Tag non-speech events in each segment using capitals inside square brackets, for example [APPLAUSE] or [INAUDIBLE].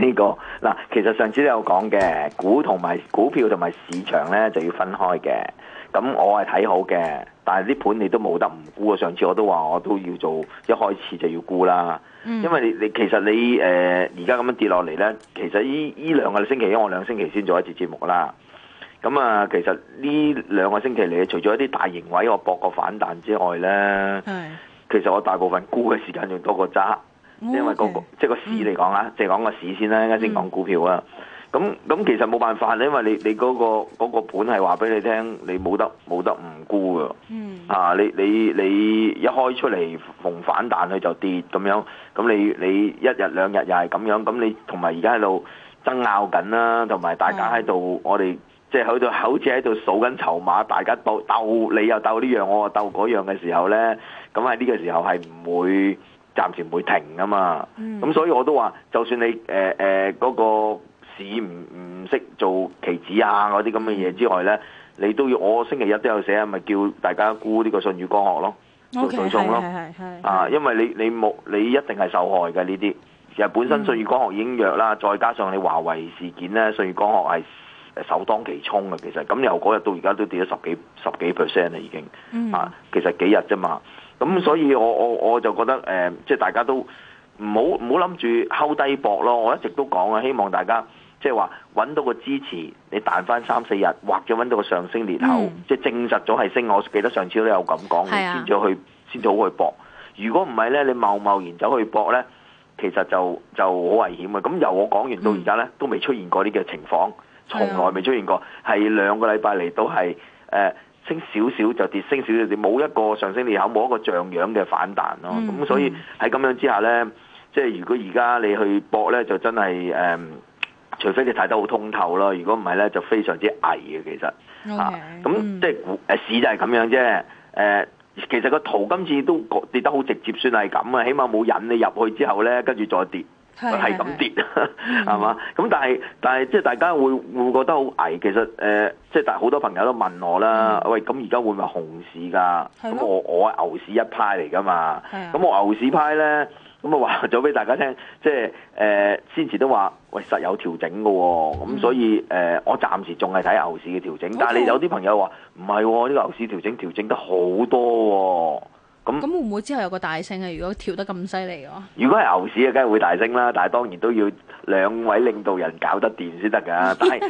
呢個嗱，其實上次都有講嘅，股同埋股票同埋市場咧就要分開嘅。咁我係睇好嘅，但係啲盤你都冇得唔沽啊！上次我都話我都要做，一開始就要沽啦。嗯、因為你，你其實你誒而家咁樣跌落嚟咧，其實依依兩個星期，因為我兩星期先做一次節目啦。咁啊，其實呢兩個星期嚟，除咗一啲大型位我博個反彈之外咧，是的 其實我大部分沽嘅時間仲多過揸。因為、那個 Okay. 即係個市嚟講啊，即係講個市先啦，一陣先講股票啊。咁咁、嗯、其實冇辦法，因為你你嗰個嗰個盤係話俾你聽，你冇、那個那個、得冇得唔沽嘅。嗯、啊，你你你一開出嚟逢反彈佢就跌咁樣，咁你你一日兩日又係咁樣，咁你同埋而家喺度爭拗緊啦，同埋大家喺度、嗯、我哋即係喺度好似喺度數緊籌碼，大家都鬥你又鬥呢樣，我又鬥嗰樣嘅時候咧，咁喺呢個時候係唔會。暫時唔會停啊嘛，咁、嗯嗯、所以我都話，就算你誒誒嗰個市唔唔識做棋子啊嗰啲咁嘅嘢之外咧，你都要我星期一都有寫，咪、就是、叫大家沽呢個信譽光學咯，做對沖咯，是是是是是啊，因為你你冇你，你，你一定係受害嘅呢啲，其實本身信譽光學已經弱啦，嗯、再加上你華為事件咧，信譽光學係首當其衝嘅，其實咁由嗰日到而家都跌咗十幾十幾 percent 啦已經，啊，其實幾日啫、啊嗯、嘛。咁、嗯、所以我，我我我就覺得，誒、呃，即係大家都唔好唔好諗住拋低博咯。我一直都講啊，希望大家即係話揾到個支持，你彈翻三四日，或者揾到個上升裂口，嗯、即係證實咗係升。我記得上次都有咁講，先至去先至、啊、好去博。如果唔係咧，你貿貿然走去博咧，其實就就好危險嘅。咁由我講完到而家咧，嗯、都未出現過呢個情況，從來未出現過，係兩個禮拜嚟都係誒。呃升少少就跌，升少少就跌，冇一個上升裂口，冇一個像樣嘅反彈咯。咁、嗯、所以喺咁樣之下咧，即係如果而家你去搏咧，就真係誒、呃，除非你睇得好通透咯。如果唔係咧，就非常之危嘅其實。啱咁即係股市就係咁樣啫。誒、呃，其實個圖今次都跌得好直接，算係咁啊。起碼冇引你入去之後咧，跟住再跌。係咁跌，係嘛？咁 [LAUGHS] 但係但係，即係大家會會,會覺得好危。其實誒，即、呃、係但好多朋友都問我啦，的喂，咁而家會唔會熊市噶？咁的我我係牛市一派嚟噶嘛？咁的我牛市派咧，咁啊話咗俾大家聽，即係誒，先前都話，喂，實有調整噶、哦，咁、嗯、所以誒、呃，我暫時仲係睇牛市嘅調整。痛但係你有啲朋友話唔係，呢、哦這個牛市調整調整得好多、哦。咁咁、嗯、會唔會之後有個大升啊？如果跳得咁犀利嘅，如果係牛市啊，梗係會大升啦。但係當然都要兩位領導人搞得掂先得噶。 [LAUGHS] 但係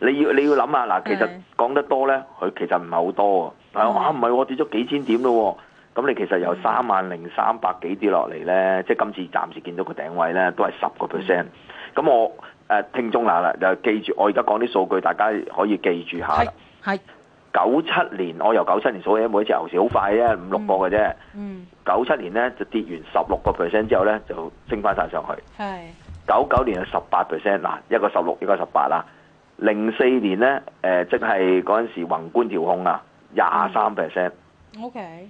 你要你要諗下嗱，其實講得多呢，佢其實唔係好多、嗯、啊。但係啊，唔係我跌咗幾千點咯、啊。咁你其實由三萬零三百幾跌落嚟呢，即係今次暫時見到個頂位呢，都係十個 percent。咁我誒、呃、聽眾嗱啦，就記住我而家講啲數據，大家可以記住下啦。九七年我由九七年數起，每一次牛市好快啫，五六個嘅啫。嗯、九七年咧就跌完十六個 percent 之後咧就升翻晒上去。係九九年係十八 percent，嗱一個十六一個十八啦。零四年咧，誒即係嗰陣時宏觀調控啊，廿三 percent。嗯、OK。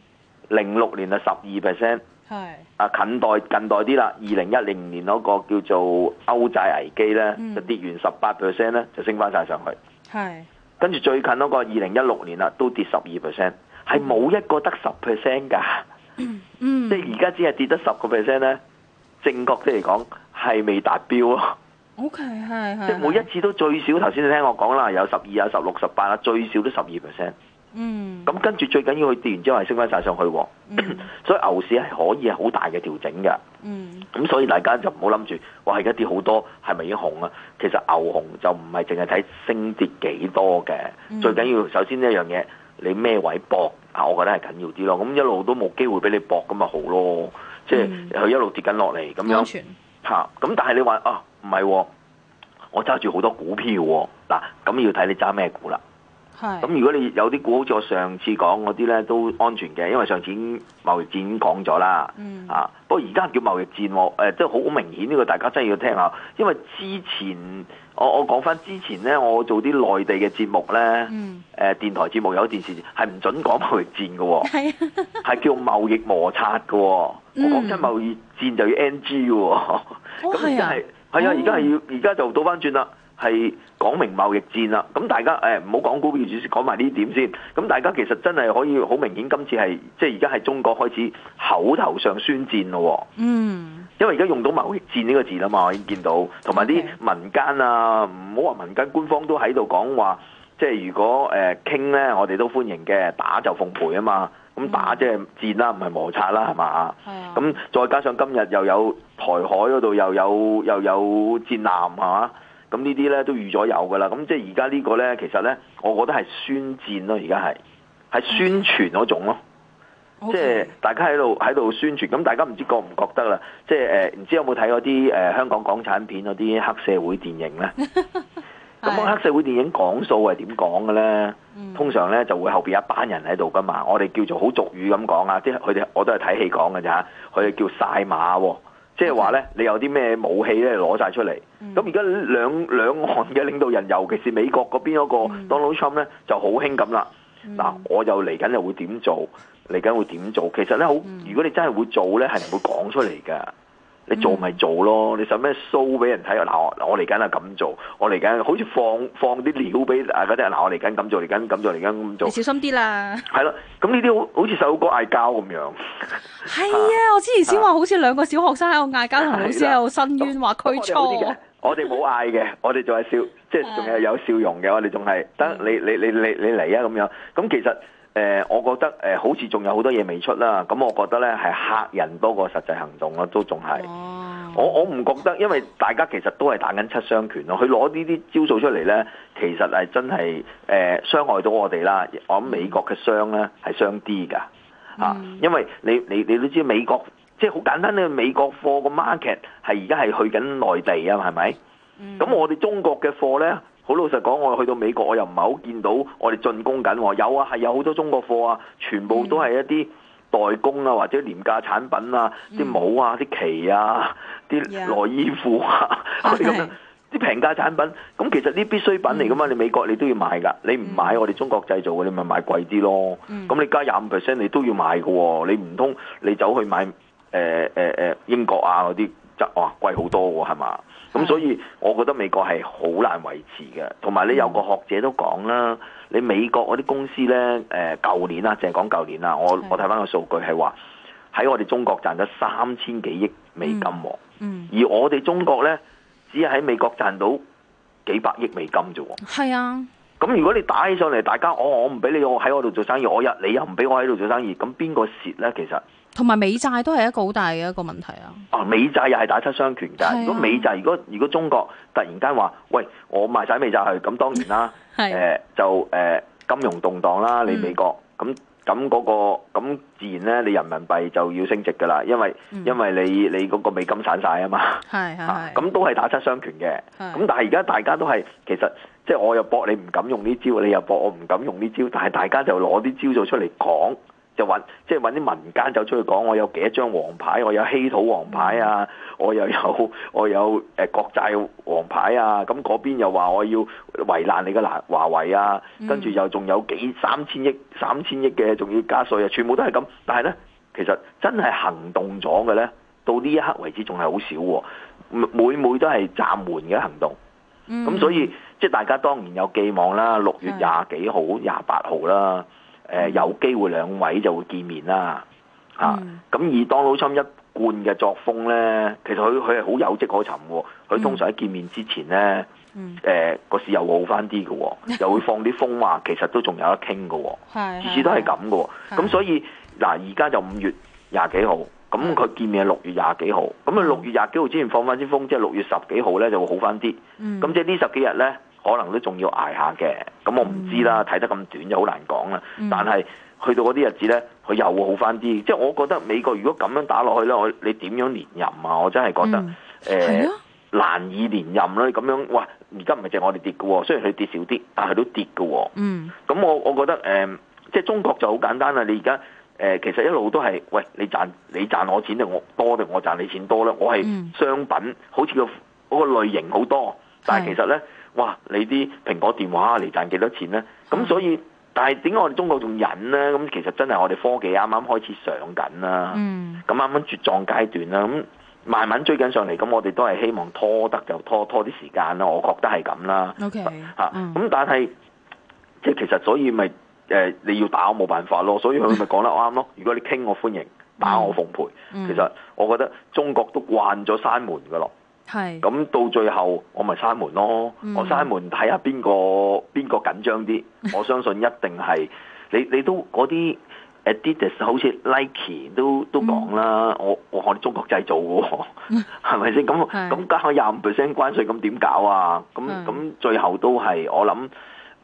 零六年啊十二 percent。係啊是近代近代啲啦，二零一零年嗰個叫做歐債危機咧、嗯、就跌完十八 percent 咧就升翻晒上去。係。跟住最近嗰個二零一六年啦，都跌十二 percent，係冇一個得十 percent 噶，mm. 即係而家只係跌得十個 percent 咧，正確啲嚟講係未達標咯。OK，係係，即係每一次都最少，頭先你聽我講啦，有十二啊、有十六、十八啊，最少都十二 percent。嗯，咁跟住最緊要佢跌完之後係升翻晒上去，嗯、所以牛市係可以係好大嘅調整嘅。嗯、咁、嗯、所以大家就唔好諗住，哇而家跌好多，係咪已經紅啊？其實牛熊就唔係淨係睇升跌幾多嘅，嗯、最緊要首先呢一樣嘢，你咩位搏啊？我覺得係緊要啲咯。咁一路都冇機會俾你搏，咁咪好咯。即係佢一路跌緊落嚟咁樣吓。咁但係你話啊，唔係喎，我揸住好多股票嗱，咁要睇你揸咩股啦。咁是如果你有啲股好似我上次講嗰啲咧，都安全嘅，因為上次貿易戰已經講咗啦。嗯。啊，不過而家叫貿易戰喎、哦，即係好明顯呢個大家真係要聽下，因為之前我我講翻之前咧，我做啲內地嘅節目咧，嗯。誒、呃，電台節目有一件事係唔準講貿易戰嘅喎、哦。係是、啊、 [LAUGHS] 係叫貿易摩擦嘅喎、哦。我講真貿易戰就要 NG 喎、哦。咁而家係係啊，而家係要而家 [LAUGHS] 就倒翻轉啦，係。講明貿易戰啦，咁大家誒唔好講股票主席，講埋呢點先。咁大家其實真係可以好明顯，今次係即係而家係中國開始口頭上宣戰咯、哦。嗯，mm. 因為而家用到貿易戰呢個字啦嘛，我已經見到，同埋啲民間啊，唔好話民間，官方都喺度講話，即係如果誒傾咧，我哋都歡迎嘅，打就奉陪啊嘛。咁打即係戰啦，唔係摩擦啦，係嘛？係。咁再加上今日又有台海嗰度又有又有，又有戰艦，係嘛？咁、嗯、呢啲咧都預咗有噶啦，咁、嗯、即係而家呢個咧，其實咧，我覺得係宣戰咯，而家係係宣傳嗰種咯，Okay. 即係大家喺度喺度宣傳。咁、嗯、大家唔知覺唔覺得啦？即係誒，唔、呃、知有冇睇嗰啲誒香港港產片嗰啲黑社會電影咧？咁 [LAUGHS] 黑社會電影講數係點講嘅咧？ [LAUGHS] 通常咧就會後邊一班人喺度噶嘛。嗯、我哋叫做好俗語咁講啊，即係佢哋我都係睇戲講嘅咋。佢哋叫晒馬、哦。即係話咧，你有啲咩武器咧攞晒出嚟？咁而家兩兩岸嘅領導人，尤其是美國嗰邊嗰個 Donald Trump 咧，就好興咁啦。嗱、嗯，我又嚟緊又會點做？嚟緊會點做？其實咧，好如果你真係會做咧，係唔會講出嚟噶。你做咪做咯，你使咩 show 俾人睇啊？嗱，我我嚟緊係咁做，我嚟緊好似放放啲料俾大家聽。嗱，我嚟緊咁做，嚟緊咁做，嚟緊咁做。你小心啲啦。係咯，咁呢啲好好似細佬哥嗌交咁樣。係啊，我之前先話好似兩個小學生喺度嗌交，同老師喺度申冤話佢錯。我哋冇嗌嘅，我哋仲係笑，即係仲係有笑容嘅。我哋仲係得你你你你你嚟啊咁樣。咁其實。誒、呃，我覺得誒、呃，好似仲有好多嘢未出啦，咁、嗯、我覺得咧係客人多過實際行動咯，都仲係，我我唔覺得，因為大家其實都係打緊七傷拳咯，佢攞呢啲招數出嚟咧，其實係真係誒傷害到我哋啦，我諗美國嘅傷咧係傷啲噶，吓、啊，因為你你你都知美國即係好簡單呢，美國貨個 market 係而家係去緊內地啊，係咪？咁我哋中國嘅貨咧。好老實講，我去到美國，我又唔係好見到我哋進攻緊。有啊，係有好多中國貨啊，全部都係一啲代工啊，或者廉價產品啊，啲、mm. 帽啊，啲旗啊，啲、啊、Yeah. 內衣褲啊，啲咁樣啲平價產品。咁其實啲必需品嚟噶嘛，mm. 你美國你都要買㗎。你唔買我哋中國製造嘅，你咪買貴啲咯。咁、mm. 你加廿五 percent 你都要買㗎。你唔通你走去買誒誒誒英國啊嗰啲？就哇貴好多喎、啊，係嘛？咁所以我覺得美國係好難維持嘅，同埋的你有個學者都講啦，嗯、你美國嗰啲公司呢，誒、呃、舊年啦，淨係講舊年啦，我的我睇翻個數據係話喺我哋中國賺咗三千幾億美金喎、啊，嗯嗯、而我哋中國呢，只係喺美國賺到幾百億美金啫喎，係啊，咁的如果你打起上嚟，大家、哦、我我唔俾你，我喺我度做生意，我一你又唔俾我喺度做生意，咁邊個蝕呢？其實？同埋美債都係一個好大嘅一個問題啊！啊，美債又係打七雙拳㗎。是啊、如果美債，如果如果中國突然間話，喂，我賣晒美債去，咁當然啦，誒是、呃、就誒、呃、金融動盪啦，你美國咁咁嗰個咁自然咧，你人民幣就要升值㗎啦，因為、嗯、因為你你嗰個美金散晒啊嘛，係係咁都係打七雙拳嘅。咁是是 但係而家大家都係其實即係我又搏你唔敢用呢招，你又搏我唔敢用呢招，但係大家就攞啲招數出嚟講。就揾，即係揾啲民間走出去講，我有幾多張王牌？我有稀土王牌啊！我又有我有誒、呃、國債王牌啊！咁嗰邊又話我要為難你個華華為啊！跟住又仲有幾三千億三千億嘅，仲要加稅啊！全部都係咁。但係呢，其實真係行動咗嘅呢，到呢一刻為止仲係好少、啊，每每，每都係暫緩嘅行動。咁、嗯、所以即係大家當然有寄望啦，六月廿幾號、廿八號啦。誒、呃、有機會兩位就會見面啦，嚇、啊！咁、嗯、而 Donald Trump 一貫嘅作風咧，其實佢佢係好有跡可尋喎。佢通常喺見面之前咧，誒個、嗯呃、市又會好翻啲嘅， [LAUGHS] 又會放啲風話，其實都仲有得傾嘅、哦。次 [LAUGHS] 次都係咁嘅，咁 [LAUGHS] 所以嗱，而、啊、家就五月廿幾號，咁佢見面係六月廿幾號，咁佢六月廿幾號之前放翻啲風，即係六月十幾號咧就會好翻啲。咁、嗯、即係呢十幾日咧。可能都仲要挨下嘅，咁我唔知啦，睇、嗯、得咁短就好難講啦。嗯、但係去到嗰啲日子呢，佢又會好翻啲。即、就、係、是、我覺得美國如果咁樣打落去呢，我你點樣連任啊？我真係覺得誒難以連任啦。咁樣，哇，而家唔係淨係我哋跌嘅，雖然佢跌少啲，但係都跌嘅。嗯，咁我、嗯嗯、我覺得誒，即、呃、係、就是、中國就好簡單啦。你而家誒，其實一路都係喂，你賺你賺我錢定我多定我賺你錢多呢？我係商品，好似個嗰個類型好多，但係其實呢。哇！你啲蘋果電話嚟賺幾多錢咧？咁所以，但係點解我哋中國仲忍呢？咁其實真係我哋科技啱啱開始上緊啦。嗯。咁啱啱絕壯階段啦，咁慢慢追緊上嚟。咁我哋都係希望拖得就拖，拖啲時間啦。我覺得係咁啦。OK。吓。咁但係即係其實所以咪、就、誒、是呃、你要打我冇辦法咯，所以佢咪講得啱咯。 [LAUGHS] 如果你傾我歡迎，打我奉陪。嗯嗯、其實我覺得中國都慣咗閂門噶咯。係，咁是到最後我咪閂門咯，嗯、我閂門睇下邊個邊個緊張啲，我相信一定係 [LAUGHS] 你你都嗰啲 Adidas 好似 Nike 都都講啦、嗯，我我啲中國製造喎、哦，係咪先？咁咁加我廿五 percent 關稅，咁點搞啊？咁咁 [LAUGHS] 是最後都係我諗誒。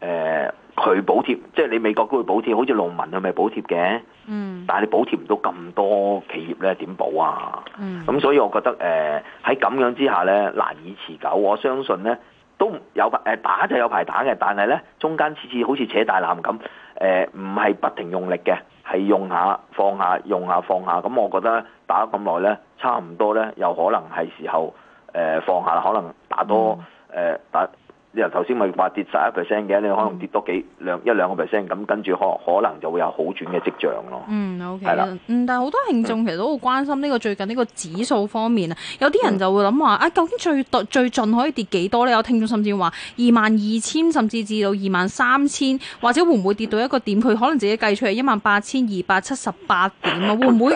呃佢補貼，即係你美國都會補貼，好似農民係咪補貼嘅？嗯，但係你補貼唔到咁多企業咧，點補啊？嗯，咁所以我覺得誒喺咁樣之下咧，難以持久。我相信咧都有排、呃、打就有排打嘅，但係咧中間次次好似扯大纜咁，誒唔係不停用力嘅，係用下放下，用下放下。咁我覺得打咗咁耐咧，差唔多咧，又可能係時候誒、呃、放下可能打多誒、呃、打。你頭先咪話跌十一 percent 嘅，你可能跌多幾兩一兩個 percent，咁跟住可可能就會有好轉嘅跡象咯。嗯，OK 啦了。嗯，但係好多聽眾其實都好關心呢個最近呢個指數方面啊，有啲人就會諗話、嗯、啊，究竟最最盡可以跌幾多咧？有聽眾甚至話二萬二千，甚至至到二萬三千，或者會唔會跌到一個點？佢、嗯、可能自己計出係一萬八千二百七十八點啊， [LAUGHS] 會唔會？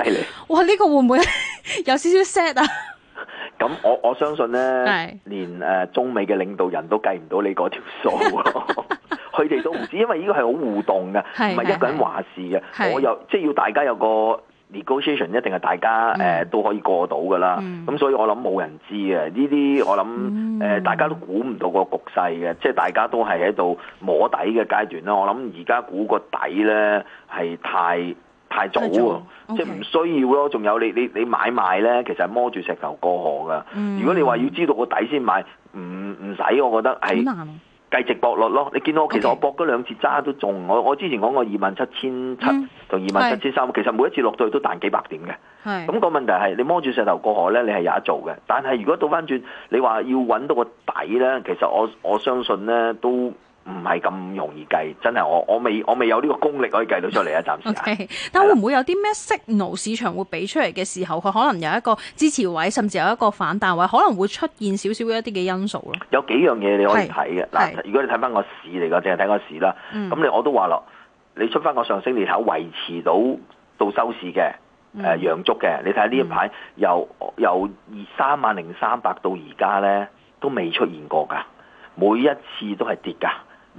哇！呢、呢個會唔會 [LAUGHS] 有少，少少 sad 啊？咁我我相信咧，連誒、呃、中美嘅領導人都計唔到你嗰條數，佢哋 [LAUGHS] [LAUGHS] 都唔知，因為呢個係好互動嘅，唔係 [LAUGHS] 一個人話事嘅。 [LAUGHS] 我有即係要大家有個 negotiation，一定係大家誒、呃、都可以過到嘅啦。咁 [NOISE] 所以我諗冇人知嘅，呢啲我諗誒、呃、大家都估唔到個局勢嘅，即係大家都係喺度摸底嘅階段啦。我諗而家估個底咧係太～太早喎，早 okay. 即係唔需要咯。仲有你你你買賣咧，其實係摸住石頭過河噶。嗯、如果你話要知道個底先買，唔唔使，我覺得係。好難。繼續搏落咯，你見到我其實我搏嗰兩次揸 Okay. 都中。我我之前講過二萬七千七同二萬七千三，27, 300, 是其實每一次落到去都彈幾百點嘅。咁是個問題係你摸住石頭過河咧，你係有得做嘅。但係如果倒翻轉，你話要揾到個底咧，其實我我，我相信咧都。唔係咁容易計，真係我我未我未有呢個功力可以計到出嚟啊！暫時。Okay, 但會唔會有啲咩 signal 市場會俾出嚟嘅時候，佢可能有一個支持位，甚至有一個反彈位，可能會出現少少一啲嘅因素咯。有幾樣嘢你可以睇嘅嗱，如果你睇翻個市嚟嘅，淨係睇個市啦。咁い你我都話咯，你出翻個上升裂口維持到到收市嘅，誒陽 m im arian、呃、足嘅，你睇下呢一排由由三萬零三百到而家咧，都未出現過㗎，每一次都係跌㗎。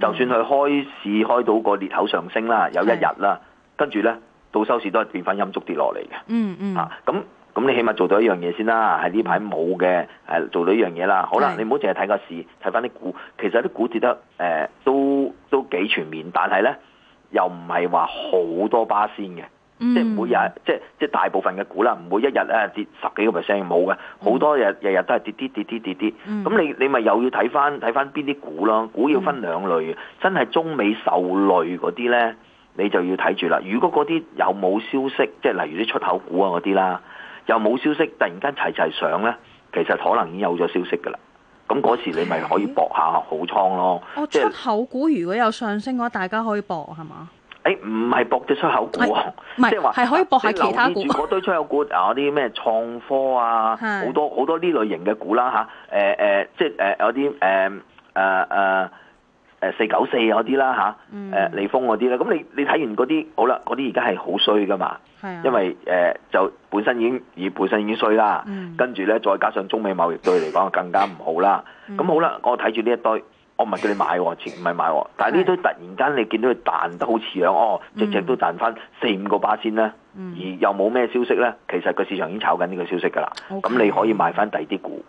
Mm hmm. 就算佢開市開到個裂口上升啦，有一日，日啦，的跟住呢，到收市都係變翻陰燭跌落嚟嘅。嗯嗯、mm。Hmm. 啊，咁咁你起碼做到一樣嘢先啦，喺呢排冇嘅，係、啊、做到一樣嘢啦。好啦，的你唔好淨係睇個市，睇翻啲股，其實啲股跌得都、呃、都，都幾全面，但係呢，又唔係話好多巴仙嘅。嗯、即係每日，嗯、即係即係大部分嘅股啦，唔會一日咧跌十幾個 percent 冇嘅，好、嗯、多日日日都係跌啲跌啲跌啲。咁、嗯、你你咪又要睇返睇返邊啲股咯？股要分兩類、嗯、真係中美受累嗰啲咧，你就要睇住啦。如果嗰啲有冇消息，即係例如啲出口股啊嗰啲啦，又冇消息，突然間齊齊上咧，其實可能已經有咗消息㗎啦。咁嗰時你咪可以搏下好倉咯。我、嗯就是、出口股如果有上升嘅話，大家可以搏係嗎？誒，唔係、欸、博隻出口股，即係話係可以博下留意住嗰堆出口股 [LAUGHS] 啊，啲咩創科啊，好是的 多好多呢類型嘅股啦吓。誒、啊、誒，即係誒有啲誒誒誒，四九四嗰啲啦吓。誒、啊，利豐嗰啲啦。咁、啊嗯啊、你你睇完嗰啲好啦，嗰啲而家係好衰噶嘛。是的 因為誒、呃、就本身已經以本身已經衰啦，嗯、跟住咧再加上中美貿易對嚟講更加唔好啦。咁、嗯嗯、好啦，我睇住呢一堆。我唔係叫你買、哦，唔係買、哦，但係呢堆突然間你見到佢彈得好似樣，哦，隻隻都彈翻四五個巴仙啦，嗯、而又冇咩消息咧，其實個市場已經炒緊呢個消息噶啦，咁 Okay. 你可以買翻第二啲股，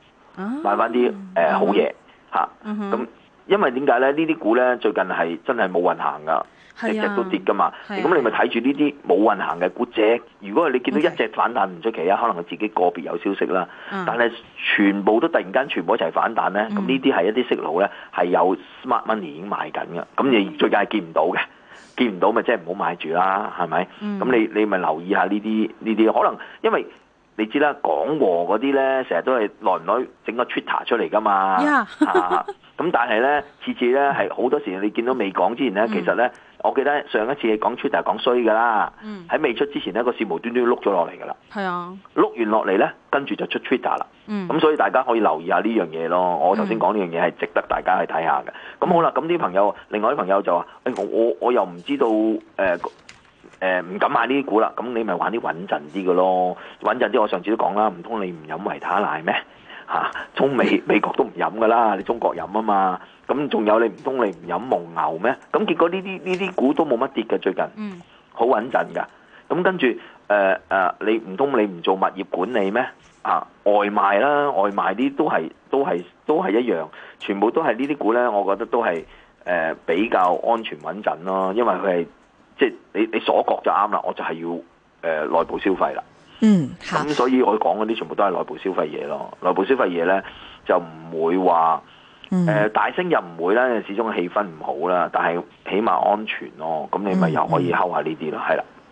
買翻啲誒好嘢嚇，咁、嗯嗯、因為點解咧？呢啲股咧最近係真係冇運行噶。隻隻、啊、都跌噶嘛，咁、啊啊、你咪睇住呢啲冇運行嘅股隻。如果你見到一隻反彈唔出奇啊，Okay. 可能佢自己個別有消息啦。嗯、但係全部都突然間全部一齊反彈咧，咁呢啲係一啲色佬咧係有 smart money 已經買緊嘅，咁你最近係見唔到嘅，見唔到咪即係唔好買住啦，係咪？咁、嗯、你你咪留意下呢啲呢啲，可能因為。你知啦，港和嗰啲咧，成日都係耐唔耐整個 Twitter 出嚟噶嘛，咁 Yeah. [LAUGHS] 啊、但係咧次次咧係好多時你見到未講之前咧，mm. 其實咧我記得上一次你講 Twitter 講衰噶啦，喺、mm. 未出之前咧個事無端端碌咗落嚟噶啦，係啊，碌完落嚟咧，跟住就出 Twitter 啦，咁、mm. 嗯、所以大家可以留意下呢樣嘢咯。我頭先講呢樣嘢係值得大家去睇下嘅。咁、mm. 好啦，咁啲朋友，另外啲朋友就話：，哎，我我,我,我又唔知道誒。誒唔、呃、敢買呢啲股啦，咁你咪玩啲穩陣啲嘅咯。穩陣啲我上次都講啦，唔通你唔飲維他奶咩？嚇、啊，中美美國都唔飲噶啦，你中國飲啊嘛，咁仲有你唔通你唔飲蒙牛咩？咁結果呢啲呢啲股都冇乜跌嘅最近，好穩陣噶。咁跟住誒誒，你唔通你唔做物業管理咩？啊，外賣啦，外賣啲都係都係都係一樣，全部都係呢啲股呢。我覺得都係誒、呃、比較安全穩陣咯，因為佢係。即係你你所覺就啱啦，我就係要誒、呃、內部消費啦。嗯，咁所以我講嗰啲全部都係內部消費嘢咯。內部消費嘢咧就唔會話誒、呃、大聲又唔會啦，始終氣氛唔好啦。但係起碼安全咯，咁你咪又可以溝下呢啲咯，係、嗯嗯、啦。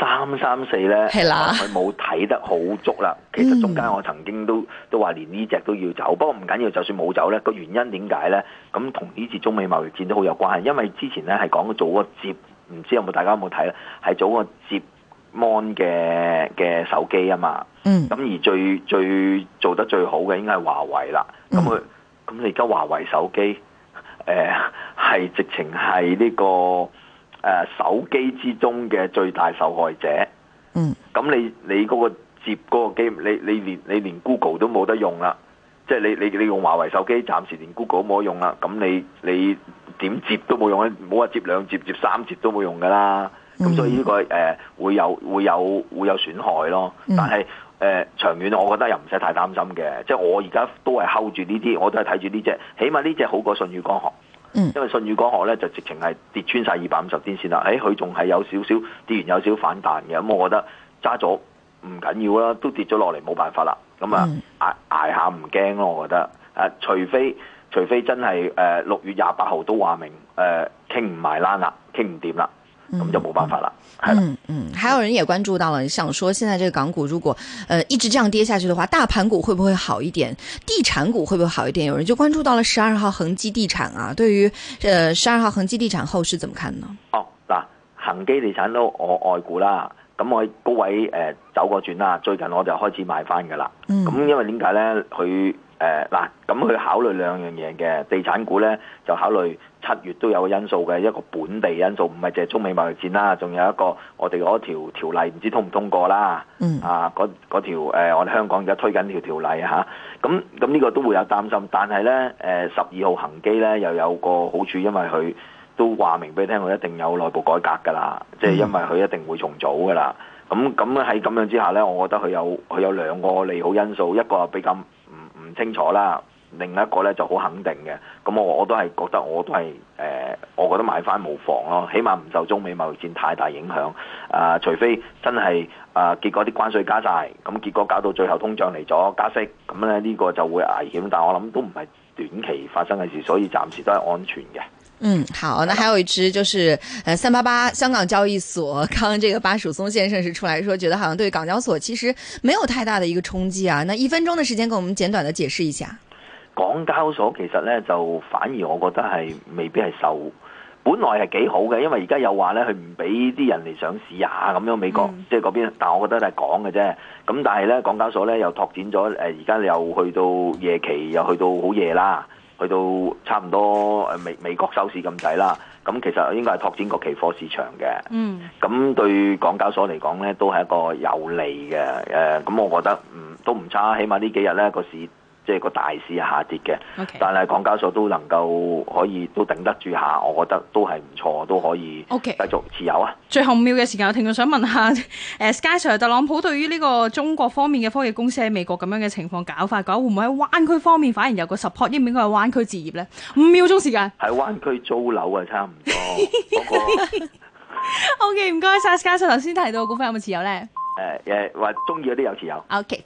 三三四咧，佢冇睇得好足啦。其實中間我曾經都都話連呢隻都要走，不過唔緊要，就算冇走咧，個原因點解咧？咁同呢次中美貿易戰都好有關係，因為之前咧係講過做個接，唔知有冇大家有冇睇咧？係做個接 mon 嘅嘅手機啊嘛。咁、嗯、而最最做得最好嘅應該係華為啦。咁佢咁你而家華為手機誒係、呃、直情係呢個。誒，uh, 手機之中嘅最大受害者，嗯，咁你你嗰個接嗰個機，你你，你連你連 Google 都冇得用啦，即係你你你用華為手機，暫時連 Google 都冇得用啦，咁你你點接都冇用啊，唔好話接兩接接三接都冇用噶啦，咁、嗯、所以呢個誒、呃、會有會有會有損害咯，但係誒、嗯、呃、長遠我覺得又唔使太擔心嘅，即係我而家都係 hold 住呢啲，我都係睇住呢隻，起碼呢隻好過舜宇光學。嗯、因為信宇光河咧就直情係跌穿晒二百五十天線啦，誒、欸，佢仲係有少少跌完有少少反彈嘅，咁我覺得揸咗唔緊要啦，都跌咗落嚟冇辦法啦，咁啊挨挨下唔驚咯，我覺得誒、啊啊，除非除非真係誒六月廿八號都話明誒傾唔埋啦，啊、呃，傾唔掂啦。咁就冇辦法啦。係啦。嗯嗯，還有人也關注到啦，你想說現在這個港股如果，呃，一直這樣跌下去的話，大盤股會不會好一點？地產股會不會好一點？有人就關注到了十二號恒基地產啊。對於，呃，十二號恒基地產後市怎麼看呢？哦，嗱、呃，恒基地產都我外股啦。咁我高位誒、呃、走過轉啦，最近我就開始買翻噶啦。咁、嗯、因為點解咧？佢誒嗱，咁佢、呃、考慮兩樣嘢嘅，地產股咧就考慮七月都有個因素嘅，一個本地因素，唔係淨係中美貿易戰啦，仲有一個我哋嗰條條例，唔知通唔通過啦。嗯、啊，嗰嗰條我哋香港而家推緊條條例嚇，咁咁呢個都會有擔心，但係咧誒十二號恆基咧又有個好處，因為佢都話明俾你聽，佢一定有內部改革㗎啦，即係、嗯、因為佢一定會重組㗎啦。咁咁喺咁樣之下咧，我覺得佢有佢有兩個利好因素，一個比較唔清楚啦，另一個咧就好肯定嘅，咁、嗯、我我都係覺得我都係誒、呃，我覺得買翻無妨咯，起碼唔受中美貿易戰太大影響啊、呃，除非真係啊、呃、結果啲關稅加晒，咁、嗯、結果搞到最後通脹嚟咗加息，咁咧呢個就會危險，但我諗都唔係短期發生嘅事，所以暫時都係安全嘅。嗯，好，那還有一支，就是，誒，三八八香港交易所，剛剛這個巴曙松先生是出來說，覺得好像對港交所其實沒有太大的一個衝擊啊，那一分鐘的時間，給我們簡短的解釋一下。港交所其實咧就反而我覺得係未必係受，本來係幾好嘅，因為而家又話咧佢唔俾啲人嚟上市啊，咁樣美國即係、嗯、嗰邊，但我覺得係講嘅啫，咁但係咧港交所咧又拓展咗，誒、呃，而家又去到夜期，又去到好夜啦。去到差唔多誒、美美國首市咁滯啦，咁、嗯、其實應該係拓展個期貨市場嘅，咁對港交所嚟講咧都係一個有利嘅，誒、呃、咁我覺得，嗯都唔差，起碼幾呢幾日咧個市。即係個大市下跌嘅，Okay. 但係港交所都能夠可以都頂得住下，我覺得都係唔錯，都可以繼續持有啊！Okay. 最後五秒嘅時間，有聽眾想問下，誒、呃、，Sky Sir，特朗普對於呢個中國方面嘅科技公司喺美國咁樣嘅情況搞法，嘅話會唔會喺灣區方面反而有個 support，應唔應該係灣區置業咧？五秒鐘時間，喺灣區租樓啊，差唔多。 [LAUGHS] 吧 OK，唔該晒，Sky Sir，頭先提到股份有冇持有咧？誒誒、呃，話中意嗰啲有持有。OK。